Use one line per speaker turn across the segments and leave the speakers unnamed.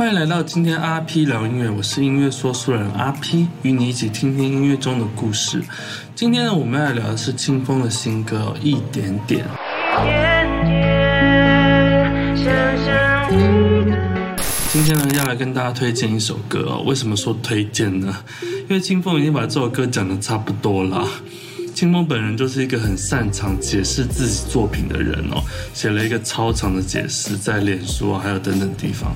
歡迎來到今天阿 P 聊音樂，我是音樂說書人阿 P，與你一起聽聽音樂中的故事。今天呢，我們要聊的是青峰的新歌《哦、一點點》天天。想的今天呢，要來跟大家推薦一首歌哦。為什麼說推薦呢？因為青峰已經把這首歌講得差不多了。青峰本人就是一個很擅長解釋自己作品的人哦，寫了一個超長的解釋，在臉書啊，還有等等地方。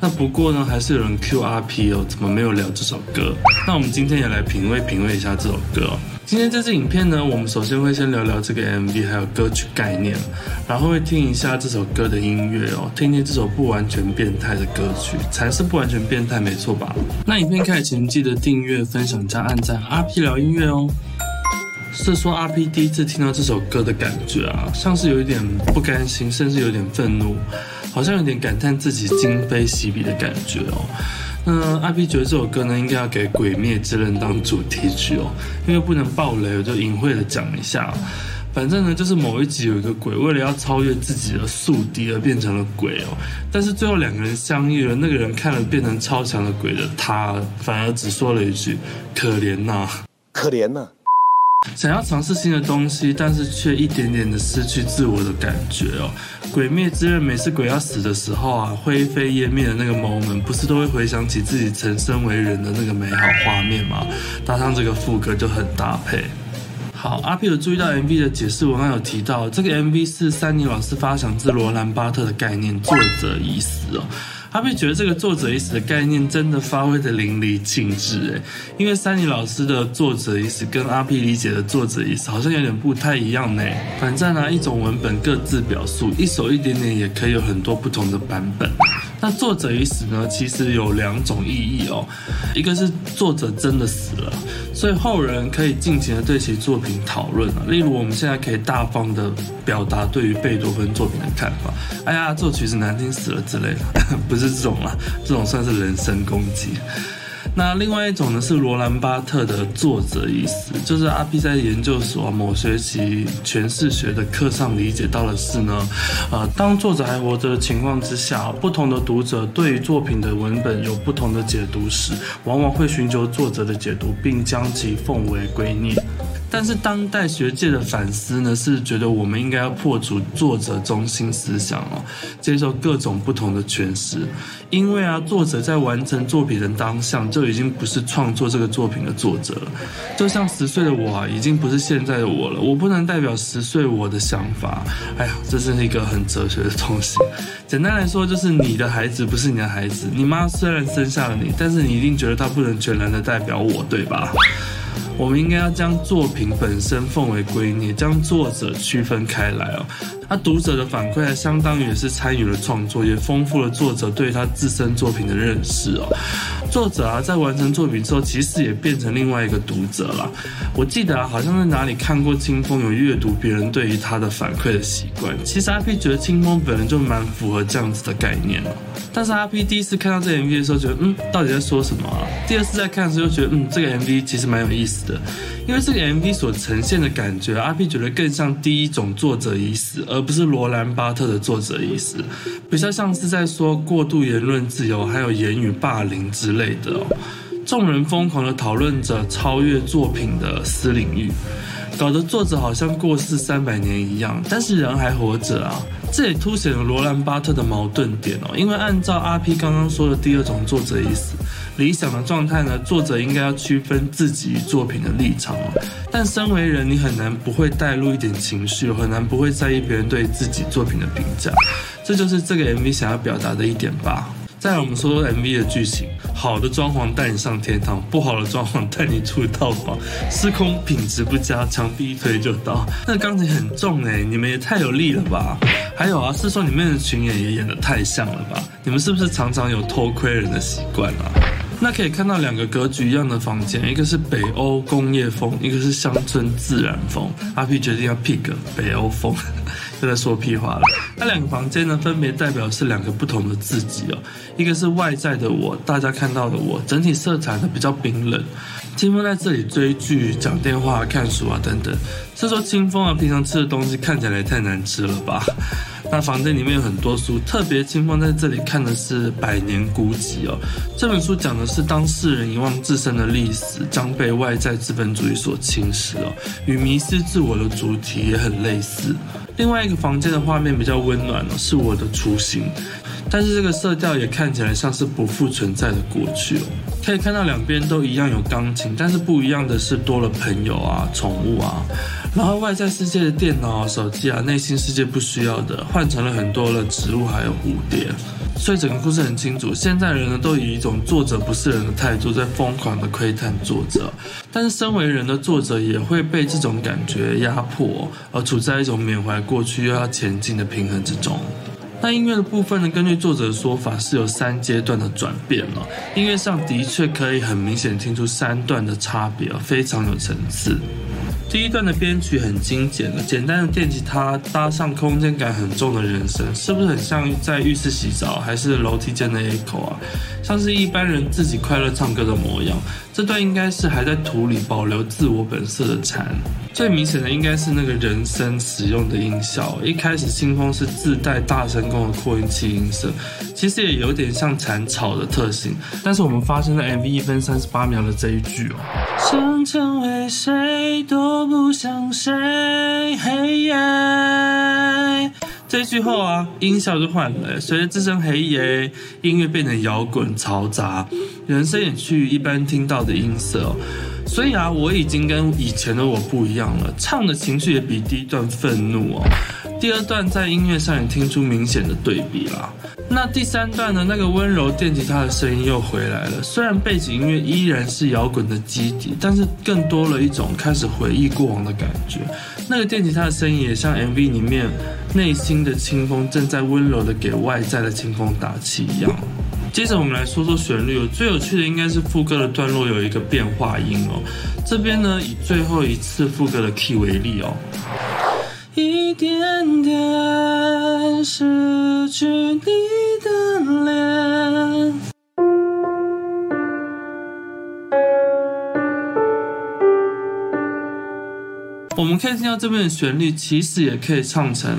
那不過呢，還是有人 Q 阿 P 哦，怎麼沒有聊這首歌？那我們今天也來品味品味一下這首歌。哦，今天這支影片呢，我們首先會先聊聊這個 M V，還有歌曲概念，然後會聽一下這首歌的音樂哦，聽聽這首不完全變態的歌曲才是不完全變態，沒錯吧？那影片開始前，記得訂閱、分享加按讚。阿 P 聊音樂哦。是說阿 P 第一次聽到這首歌的感覺啊，像是有一點不甘心，甚至有一點憤怒。好像有點感嘆自己今非昔比的感覺哦。那阿 P 覺得這首歌呢，應該要給《鬼滅之刃》當主題曲哦，因為不能暴雷，我就隱晦的講一下。反正呢，就是某一集有一個鬼，為了要超越自己的宿敵而變成了鬼哦，但是最後兩個人相遇了，那個人看了變成超強的鬼的他，反而只說了一句：“可憐吶、啊，可憐吶、啊。”想要嘗試新的東西，但是卻一點點的失去自我的感覺哦。鬼滅之刃每次鬼要死的時候啊，灰飛煙滅的那個 moment，不是都會回想起自己曾身為人的那個美好畫面嗎？搭上這個副歌就很搭配。好，阿 P 有注意到 MV 的解釋文，我剛剛有提到這個 MV 是珊妮老師發想自羅蘭巴特的概念，作者已死哦。阿 P 覺得這個作者已死的概念真的發揮得淋漓盡致誒，因為珊妮老師的作者已死跟阿 P 理解的作者已死好像有點不太一樣呢。反正拿、啊、一種文本各自表述，一首一點點也可以有很多不同的版本。那作者已死呢？其實有兩種意義哦，一個是作者真的死了，所以後人可以盡情的對其作品討論啊，例如我們現在可以大方的表達對於貝多芬作品的看法，哎呀，作曲是難聽死了之類的，不是這種了啊，這種算是人身攻擊。那另外一種呢，是羅蘭巴特的作者已死，就是阿 P 在研究所、啊、某學期詮釋學的課上理解到的是呢，呃，當作者還活着的情況之下，不同的讀者對於作品的文本有不同的解讀時，往往會尋求作者的解讀，並將其奉為圭臬。但是當代學界的反思呢，是覺得我們應該要破除作者中心思想哦、啊，接受各種不同的詮釋，因為啊，作者在完成作品的當下就。已經不是創作這個作品的作者了，就像十歲的我啊，已經不是現在的我了。我不能代表十歲我的想法。哎呀，這是一個很哲學的東西。簡單來說，就是你的孩子不是你的孩子。你媽雖然生下了你，但是你一定覺得她不能全然的代表我，對吧？我們應該要將作品本身奉為圭臬，將作者區分開來哦。那、啊、讀者的反饋，相當於也是參與了創作，也豐富了作者對於他自身作品的認識哦。作者啊，在完成作品之後，其實也變成另外一個讀者了。我記得啊，好像在哪裡看過青峰有閱讀別人對於他的反饋的習慣。其實阿 P 覺得青峰本人就蠻符合這樣子的概念哦。但是阿 P 第一次看到這個 M V 的時候，覺得嗯，到底在說什麼啊？第二次在看的時候，覺得嗯，這個 M V 其實蠻有意思的。的，因為這個 MV 所呈現的感覺，阿 P 覺得更像第一種作者已死，而不是羅蘭巴特的作者已死。比較像是在說過度言論自由，還有言語霸凌之類的哦。眾人瘋狂的討論着超越作品的私領域，搞得作者好像過世三百年一樣，但是人還活着啊。這也凸顯了羅蘭·巴特的矛盾點哦，因為按照阿 P 剛剛說的第二種作者意思，理想的狀態呢，作者應該要區分自己與作品的立場哦，但身為人，你很難不會帶入一點情緒，很難不會在意別人對自己作品的評價，這就是這個 MV 想要表達的一點吧。再來我們說說 MV 的劇情，好的裝潢帶你上天堂，不好的裝潢帶你出套房。施工品質不佳，牆壁一推就倒。那個、鋼琴很重誒、欸、你們也太有力了吧？還有啊，是說你們的群演也演得太像了吧？你們是不是常常有偷窺人的習慣啊？那可以看到兩個格局一樣的房間，一個是北歐工業風，一個是鄉村自然風。阿 P 決定要 pick 北歐風。就在說屁話了。那兩個房間呢，分別代表是兩個不同的自己哦。一個是外在的我，大家看到的我，整體色彩呢比較冰冷。青峰在這裡追劇、講電話、看書啊，等等。是說青峰啊，平常吃的東西看起來也太難吃了吧？那房間裡面有很多書，特別青峰在這裡看的是《百年孤寂》哦。這本書講的是當事人遺忘自身的歷史，將被外在資本主義所侵蝕哦，與迷失自我的主題也很類似。另外。這個房間的畫面比較溫暖，是我的初心。但是這個色調也看起來像是不復存在的過去哦。可以看到兩邊都一樣有鋼琴，但是不一樣的是多了朋友啊、寵物啊，然後外在世界的電腦啊、手機啊，內心世界不需要的換成了很多的植物還有蝴蝶。所以整個故事很清楚，現在人呢都以一種作者不是人的態度在瘋狂的窺探作者，但是身為人的作者也會被這種感覺壓迫，而處在一種緬懷過去又要前進的平衡之中。那音樂的部分呢？根據作者的說法，是有三階段的轉變。音樂上的確可以很明顯聽出三段的差別，非常有層次。第一段的編曲很精簡了，簡單的電吉他搭上空間感很重的人聲，是不是很像在浴室洗澡，還是樓梯間的 echo 啊？像是一般人自己快樂唱歌的模樣，這段應該是還在土裡保留自我本色的蟬。最明顯的應該是那個人聲使用的音效，一開始青峰是自帶大聲功的擴音器音色，其實也有點像蟬草的特性。但是我們發現了 MV 一分三十八秒的這一句哦。想成為誰都不像誰。這一句後啊，音效就換了，隨着這聲黑夜，音樂變得搖滾，嘈雜，人聲也去，一般聽到的音色哦。所以啊，我已經跟以前的我不一樣了，唱的情緒也比第一段憤怒哦。第二段在音樂上也聽出明顯的對比啦。那第三段呢？那個溫柔電吉他的聲音又回來了，雖然背景音樂依然是搖滾的基底，但是更多了一種開始回憶過往的感覺。那個電吉他的聲音也像 MV 裡面。內心的青峰正在溫柔的給外在的青峰打氣一樣。接着我們來說說旋律，最有趣的應該是副歌的段落有一個變化音哦。這邊呢，以最後一次副歌的 key 為例哦，一點點失去你的臉。我們可以聽到這邊的旋律，其實也可以唱成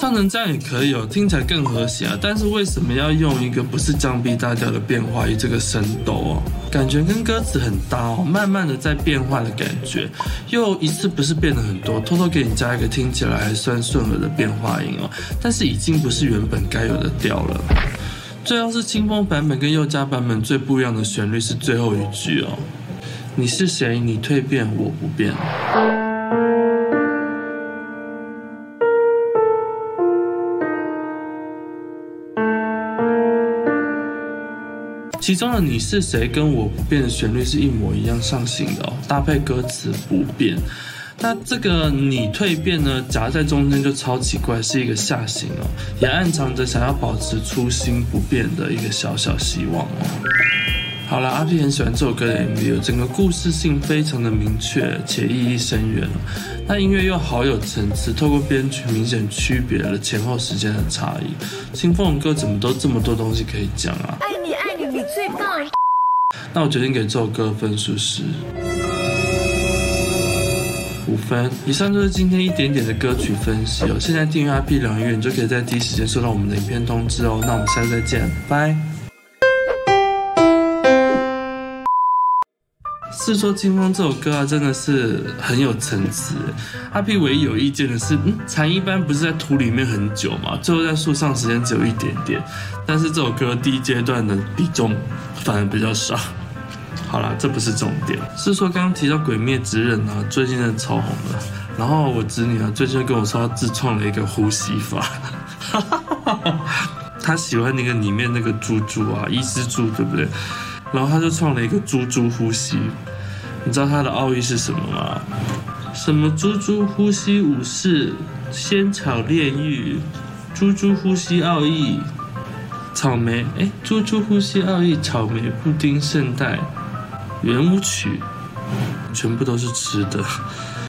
唱成這樣也可以，哦。聽起來更和諧啊。但是為什麼要用一個不是降 B 大調的變化音這個升 do 哦，感覺跟歌詞很搭哦，慢慢的在變化的感覺，又一次不是變了很多，偷偷給你加一個聽起來還算順耳的變化音哦，但是已經不是原本該有的調了。最後是青峰版本跟宥嘉版本最不一樣的旋律是最後一句哦，你是誰？你蛻變，我不變。其中的你是誰跟我不變的旋律是一模一樣上行的哦，搭配歌詞不變。那這個你蛻變呢？夾在中間就超奇怪，是一個下行哦、喔，也暗藏着想要保持初心不變的一個小小希望哦、喔。好了，阿 P 很喜歡這首歌的 MV，整個故事性非常的明確且意義深遠、喔，那音樂又好有層次，透過編曲明顯區別了前後時間的差異。青峰哥怎麼都這麼多東西可以講啊？愛你愛你，你最棒、啊。那我決定給這首歌的分數是。五分，以上就是今天一點點的歌曲分析了哦。現在訂閱阿 P 聊音樂，你就可以在第一時間收到我們的影片通知哦。那我們下次再見，拜拜。是說青峰這首歌啊，真的是很有層次。阿 P 唯一有意見的是，嗯，蟬一般不是在土裡面很久嘛，最後在樹上時間只有一點點，但是這首歌第一階段的比重反而比較少。好啦，這不是重點，是說剛剛提到《鬼滅之刃》啊，最近在超紅的。然後我侄女啊，最近跟我說她自創了一個呼吸法，哈哈哈哈哈，她喜歡那個裡面那個豬豬啊，伊之助，對不對？然後她就創了一個豬豬呼吸。你知道它的奧義是什麼嗎？什麼豬豬呼吸武士仙草煉獄，豬豬呼吸奧義草莓，誒豬豬呼吸奧義草莓布丁聖代。圓舞曲，全部都是吃的。